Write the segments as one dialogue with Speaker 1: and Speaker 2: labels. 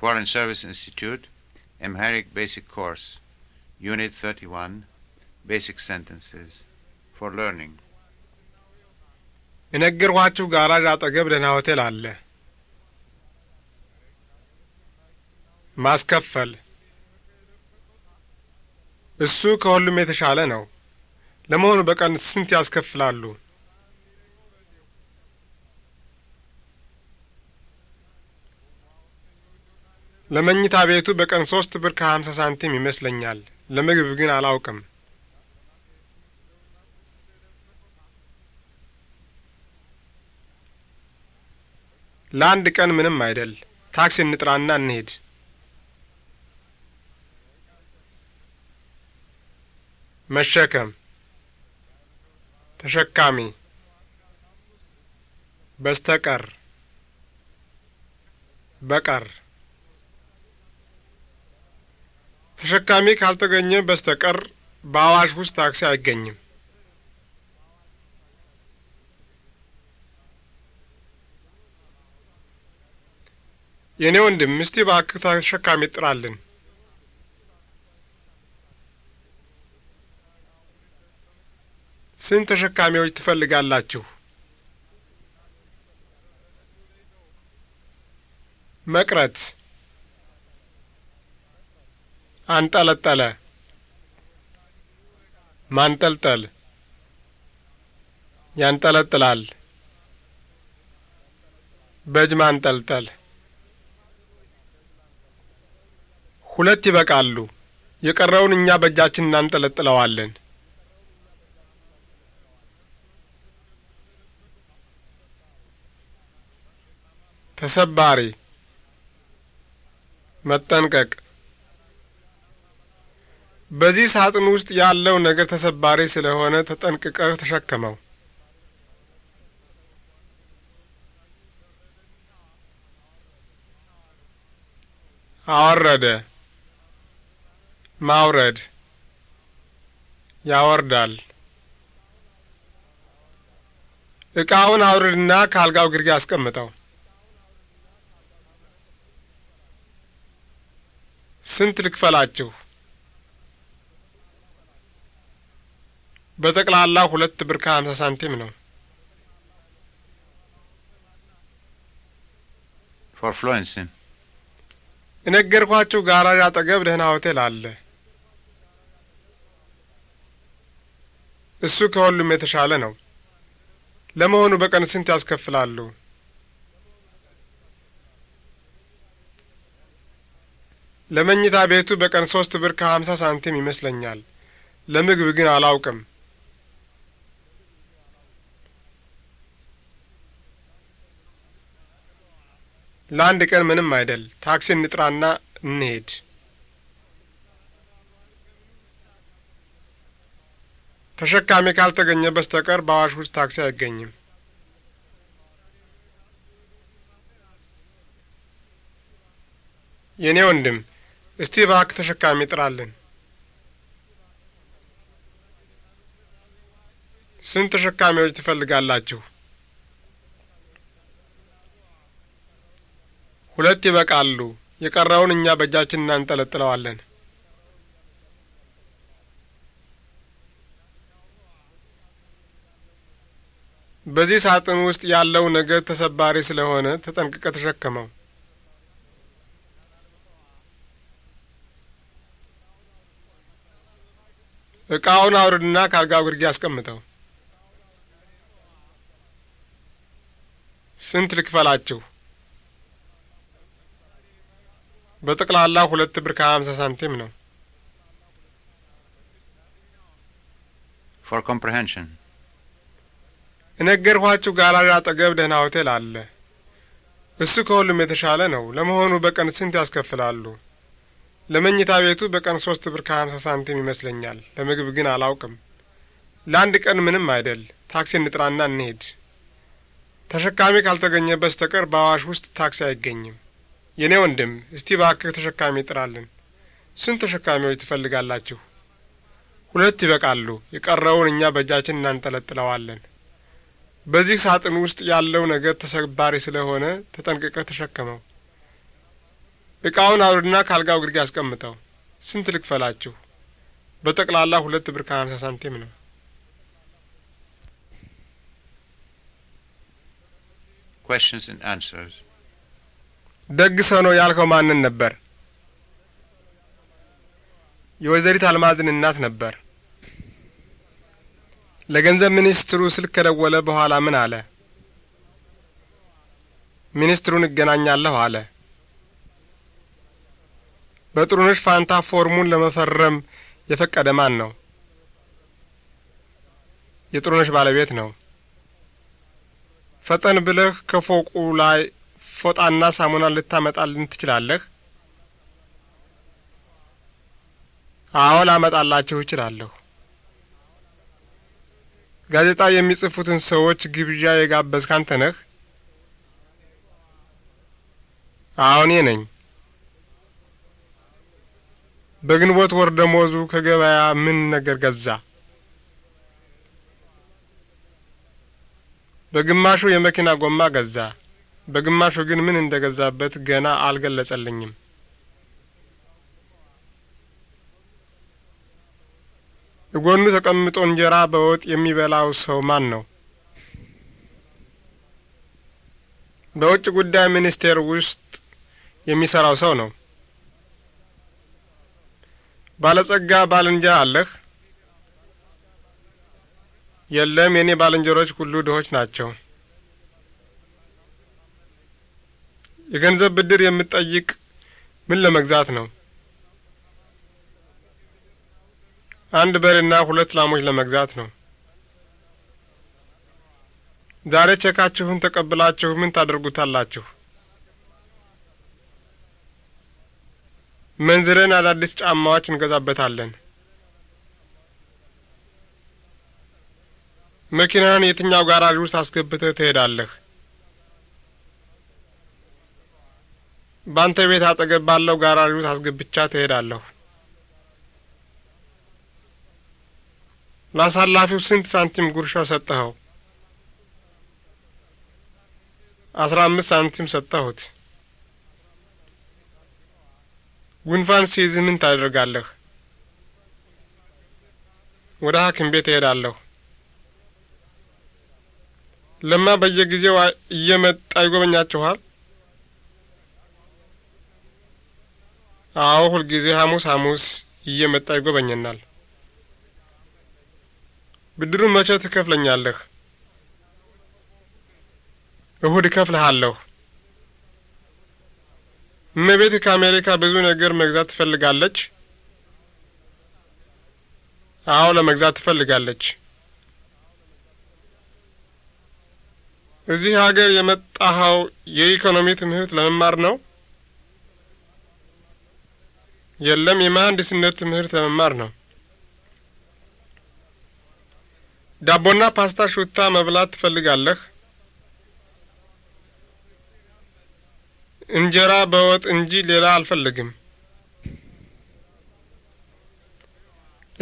Speaker 1: Foreign Service Institute, Amharic Basic Course, Unit 31, Basic Sentences for Learning. የነገርኋችሁ ጋራዥ አጠገብ ደህና ሆቴል አለ። ማስከፈል እሱ ከሁሉም የተሻለ ነው። ለመሆኑ በቀን ስንት ያስከፍላሉ? ለመኝታ ቤቱ በቀን ሶስት ብር ከሀምሳ ሳንቲም ይመስለኛል። ለምግብ ግን አላውቅም። ለአንድ ቀን ምንም አይደል። ታክሲ እንጥራና እንሄድ። መሸከም፣ ተሸካሚ፣ በስተቀር፣ በቀር ተሸካሚ ካልተገኘ በስተቀር በአዋሽ ውስጥ ታክሲ አይገኝም። የእኔ ወንድም እስቲ እባክህ ተሸካሚ ጥራልን። ስንት ተሸካሚዎች ትፈልጋላችሁ? መቅረት አንጠለጠለ፣ ማንጠልጠል፣ ያንጠለጥላል፣ በእጅ ማንጠልጠል። ሁለት ይበቃሉ። የቀረውን እኛ በእጃችን እናንጠለጥለዋለን። ተሰባሪ መጠንቀቅ በዚህ ሳጥን ውስጥ ያለው ነገር ተሰባሪ ስለሆነ ተጠንቅቀህ ተሸከመው። አወረደ፣ ማውረድ፣ ያወርዳል። እቃውን አውርድና ከአልጋው ግርጌ አስቀምጠው። ስንት ልክፈላችሁ? በጠቅላላ ሁለት ብር ከሀምሳ ሳንቲም ነው። ፎር ፍሎንስን የነገርኳችሁ ጋራዥ አጠገብ ደህና ሆቴል አለ። እሱ ከሁሉም የተሻለ ነው። ለመሆኑ በቀን ስንት ያስከፍላሉ? ለመኝታ ቤቱ በቀን ሶስት ብር ከሀምሳ ሳንቲም ይመስለኛል። ለምግብ ግን አላውቅም። ለአንድ ቀን ምንም አይደል። ታክሲ እንጥራና እንሄድ። ተሸካሚ ካልተገኘ በስተቀር በአዋሽ ውስጥ ታክሲ አይገኝም። የእኔ ወንድም፣ እስቲ እባክህ ተሸካሚ ጥራልን። ስንት ተሸካሚዎች ትፈልጋላችሁ? ሁለት ይበቃሉ። የቀረውን እኛ በእጃችን እናንጠለጥለዋለን። በዚህ ሳጥን ውስጥ ያለው ነገር ተሰባሪ ስለሆነ ተጠንቅቀ ተሸከመው። እቃውን አውርድና ካልጋው ግርጌ አስቀምጠው። ስንት ልክፈላችሁ? በጠቅላላ ሁለት ብር ከሀምሳ ሳንቲም ነው። ፎር ኮምፕሬንሽን የነገርኋችሁ ጋላሪ አጠገብ ደህና ሆቴል አለ። እሱ ከሁሉም የተሻለ ነው። ለመሆኑ በቀን ስንት ያስከፍላሉ? ለመኝታ ቤቱ በቀን ሶስት ብር ከሀምሳ ሳንቲም ይመስለኛል። ለምግብ ግን አላውቅም። ለአንድ ቀን ምንም አይደል። ታክሲ እንጥራና እንሄድ። ተሸካሚ ካልተገኘ በስተቀር በአዋሽ ውስጥ ታክሲ አይገኝም። የእኔ ወንድም እስቲ እባክህ ተሸካሚ ጥራልን። ስንት ተሸካሚዎች ትፈልጋላችሁ? ሁለት ይበቃሉ። የቀረውን እኛ በእጃችን እናንጠለጥለዋለን። በዚህ ሳጥን ውስጥ ያለው ነገር ተሰባሪ ስለሆነ ተጠንቅቀህ ተሸከመው። እቃውን አውርድና ካልጋው ግርጌ አስቀምጠው። ስንት ልክፈላችሁ? በጠቅላላ ሁለት ብር ከሀምሳ ሳንቲም ነው። Questions and answers. ደግ ሰው ነው ያልከው ማንን ነበር? የወይዘሪት አልማዝን እናት ነበር። ለገንዘብ ሚኒስትሩ ስልክ ከደወለ በኋላ ምን አለ? ሚኒስትሩን እገናኛለሁ አለ። በጥሩነሽ ፋንታ ፎርሙን ለመፈረም የፈቀደ ማን ነው? የጥሩነሽ ባለቤት ነው። ፈጠን ብለህ ከፎቁ ላይ ፎጣና ሳሙና ልታመጣልን ትችላለህ? አዎ ላመጣላችሁ እችላለሁ። ጋዜጣ የሚጽፉትን ሰዎች ግብዣ የጋበዝክ አንተ ነህ? አዎ እኔ ነኝ። በግንቦት ወር ደሞዙ ከገበያ ምን ነገር ገዛ? በግማሹ የመኪና ጎማ ገዛ። በግማሹ ግን ምን እንደገዛበት ገና አልገለጸልኝም። የጎኑ ተቀምጦ እንጀራ በወጥ የሚበላው ሰው ማን ነው? በውጭ ጉዳይ ሚኒስቴር ውስጥ የሚሠራው ሰው ነው። ባለጸጋ ባልንጀራ አለህ? የለም፣ የእኔ ባልንጀሮች ሁሉ ድሆች ናቸው። የገንዘብ ብድር የምትጠይቅ ምን ለመግዛት ነው? አንድ በሬና ሁለት ላሞች ለመግዛት ነው። ዛሬ ቼካችሁን ተቀብላችሁ ምን ታደርጉታላችሁ? መንዝረን አዳዲስ ጫማዎች እንገዛበታለን። መኪናን የትኛው ጋራዥ ውስጥ አስገብተህ ትሄዳለህ? ባንተ ቤት አጠገብ ባለው ጋራዥ ውስጥ አስገብቻ ትሄዳለሁ። ለአሳላፊው ስንት ሳንቲም ጉርሻ ሰጠኸው? አስራ አምስት ሳንቲም ሰጠሁት። ጉንፋን ሲይዝህ ምን ታደርጋለህ? ወደ ሐኪም ቤት እሄዳለሁ። ለማ በየጊዜው እየመጣ ይጎበኛችኋል? አዎ፣ ሁልጊዜ ሐሙስ ሐሙስ እየመጣ ይጎበኘናል። ብድሩን መቼ ትከፍለኛለህ? እሁድ እከፍልሃለሁ። እመቤት ከአሜሪካ ብዙ ነገር መግዛት ትፈልጋለች። አዎ፣ ለመግዛት ትፈልጋለች። እዚህ ሀገር የመጣኸው የኢኮኖሚ ትምህርት ለመማር ነው? የለም የመሀንዲስነት ትምህርት ለመማር ነው። ዳቦና ፓስታ ሹታ መብላት ትፈልጋለህ? እንጀራ በወጥ እንጂ ሌላ አልፈልግም።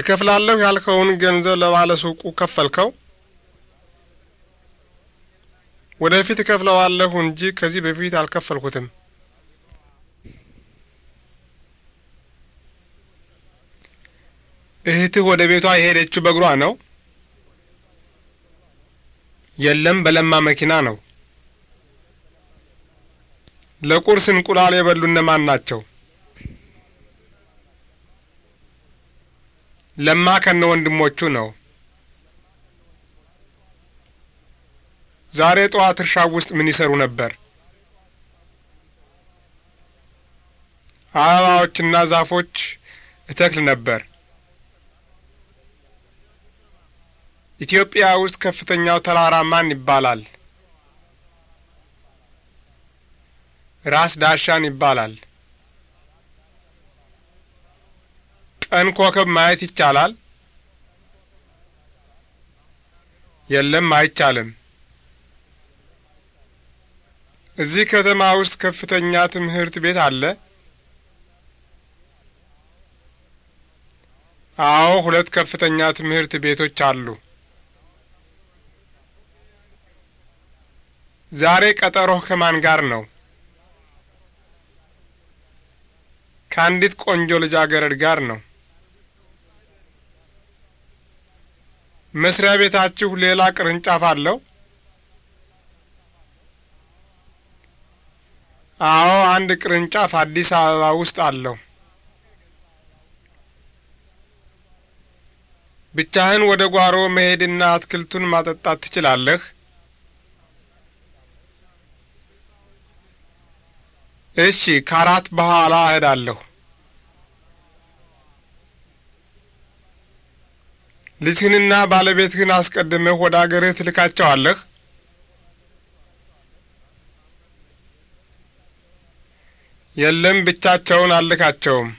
Speaker 1: እከፍላለሁ ያልከውን ገንዘብ ለባለ ሱቁ ከፈልከው? ወደፊት እከፍለዋለሁ እንጂ ከዚህ በፊት አልከፈልኩትም። እህትህ ወደ ቤቷ የሄደችው በእግሯ ነው? የለም፣ በለማ መኪና ነው። ለቁርስ እንቁላል የበሉ እነማን ናቸው? ለማ ከነ ወንድሞቹ ነው። ዛሬ ጠዋት እርሻ ውስጥ ምን ይሰሩ ነበር? አበባዎችና ዛፎች እተክል ነበር። ኢትዮጵያ ውስጥ ከፍተኛው ተራራ ማን ይባላል? ራስ ዳሻን ይባላል። ቀን ኮከብ ማየት ይቻላል? የለም፣ አይቻልም። እዚህ ከተማ ውስጥ ከፍተኛ ትምህርት ቤት አለ? አዎ፣ ሁለት ከፍተኛ ትምህርት ቤቶች አሉ። ዛሬ ቀጠሮህ ከማን ጋር ነው? ከአንዲት ቆንጆ ልጃገረድ ጋር ነው። መስሪያ ቤታችሁ ሌላ ቅርንጫፍ አለው? አዎ፣ አንድ ቅርንጫፍ አዲስ አበባ ውስጥ አለው። ብቻህን ወደ ጓሮ መሄድና አትክልቱን ማጠጣት ትችላለህ? እሺ፣ ከአራት በኋላ እሄዳለሁ። ልጅህንና ባለቤትህን አስቀድመህ ወደ አገርህ ትልካቸዋለህ? የለም፣ ብቻቸውን አልካቸውም።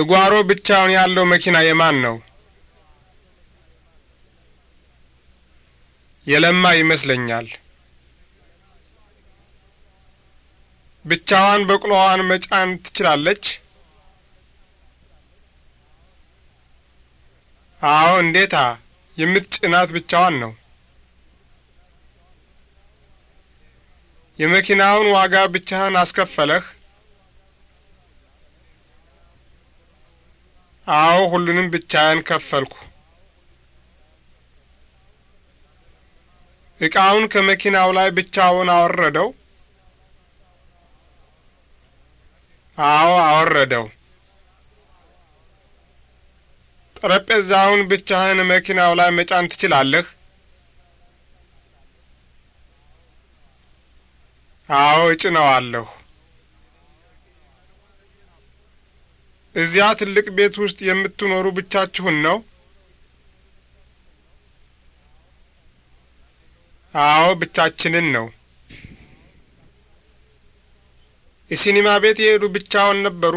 Speaker 1: እጓሮ ብቻውን ያለው መኪና የማን ነው? የለማ ይመስለኛል። ብቻዋን በቅሎዋን መጫን ትችላለች? አዎ፣ እንዴታ! የምትጭናት ብቻዋን ነው። የመኪናውን ዋጋ ብቻህን አስከፈለህ? አዎ፣ ሁሉንም ብቻህን ከፈልኩ። እቃውን ከመኪናው ላይ ብቻውን አወረደው? አዎ አወረደው። ጠረጴዛውን ብቻህን መኪናው ላይ መጫን ትችላለህ? አዎ እጭነዋለሁ። እዚያ ትልቅ ቤት ውስጥ የምትኖሩ ብቻችሁን ነው? አዎ፣ ብቻችንን ነው። የሲኒማ ቤት የሄዱ ብቻውን ነበሩ?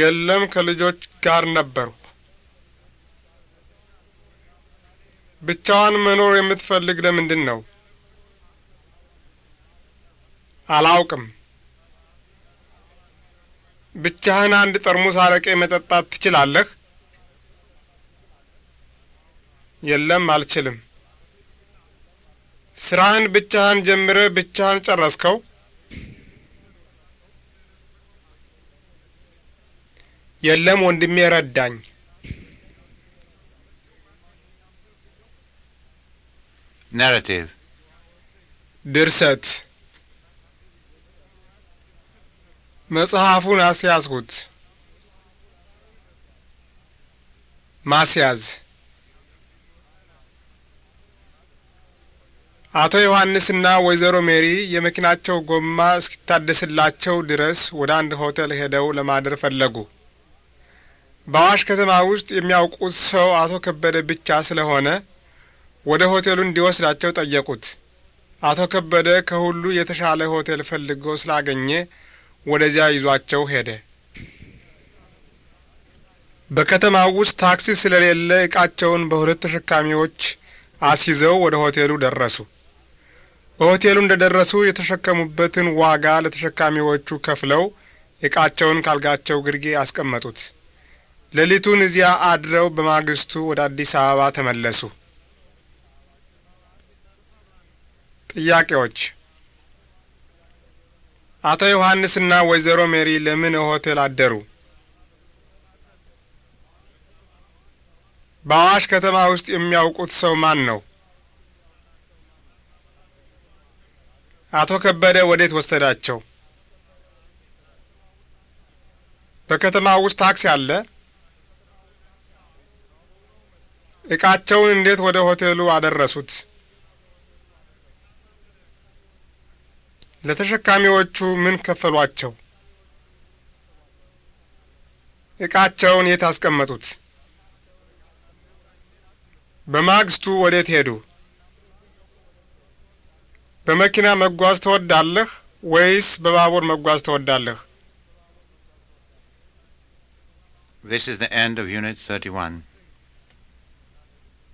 Speaker 1: የለም፣ ከልጆች ጋር ነበሩ። ብቻዋን መኖር የምትፈልግ ለምንድን ነው? አላውቅም። ብቻህን አንድ ጠርሙስ አረቄ መጠጣት ትችላለህ? የለም አልችልም። ስራህን ብቻህን ጀምረህ ብቻህን ጨረስከው? የለም ወንድሜ ረዳኝ። ናራቲቭ ድርሰት መጽሐፉን አስያዝሁት። ማስያዝ አቶ ዮሐንስና ወይዘሮ ሜሪ የመኪናቸው ጎማ እስኪታደስላቸው ድረስ ወደ አንድ ሆቴል ሄደው ለማደር ፈለጉ። በአዋሽ ከተማ ውስጥ የሚያውቁት ሰው አቶ ከበደ ብቻ ስለሆነ ወደ ሆቴሉ እንዲወስዳቸው ጠየቁት። አቶ ከበደ ከሁሉ የተሻለ ሆቴል ፈልጎ ስላገኘ ወደዚያ ይዟቸው ሄደ። በከተማው ውስጥ ታክሲ ስለሌለ ዕቃቸውን በሁለት ተሸካሚዎች አስይዘው ወደ ሆቴሉ ደረሱ። በሆቴሉ እንደ ደረሱ የተሸከሙበትን ዋጋ ለተሸካሚዎቹ ከፍለው እቃቸውን ካልጋቸው ግርጌ አስቀመጡት። ሌሊቱን እዚያ አድረው በማግስቱ ወደ አዲስ አበባ ተመለሱ። ጥያቄዎች አቶ ዮሐንስና ወይዘሮ ሜሪ ለምን ሆቴል አደሩ? በአዋሽ ከተማ ውስጥ የሚያውቁት ሰው ማን ነው? አቶ ከበደ ወዴት ወሰዳቸው? በከተማ ውስጥ ታክሲ አለ? እቃቸውን እንዴት ወደ ሆቴሉ አደረሱት? ለተሸካሚዎቹ ምን ከፈሏቸው? እቃቸውን የት አስቀመጡት? በማግስቱ ወዴት ሄዱ? በመኪና መጓዝ ትወዳለህ ወይስ በባቡር መጓዝ ትወዳለህ? This is the end of Unit 31.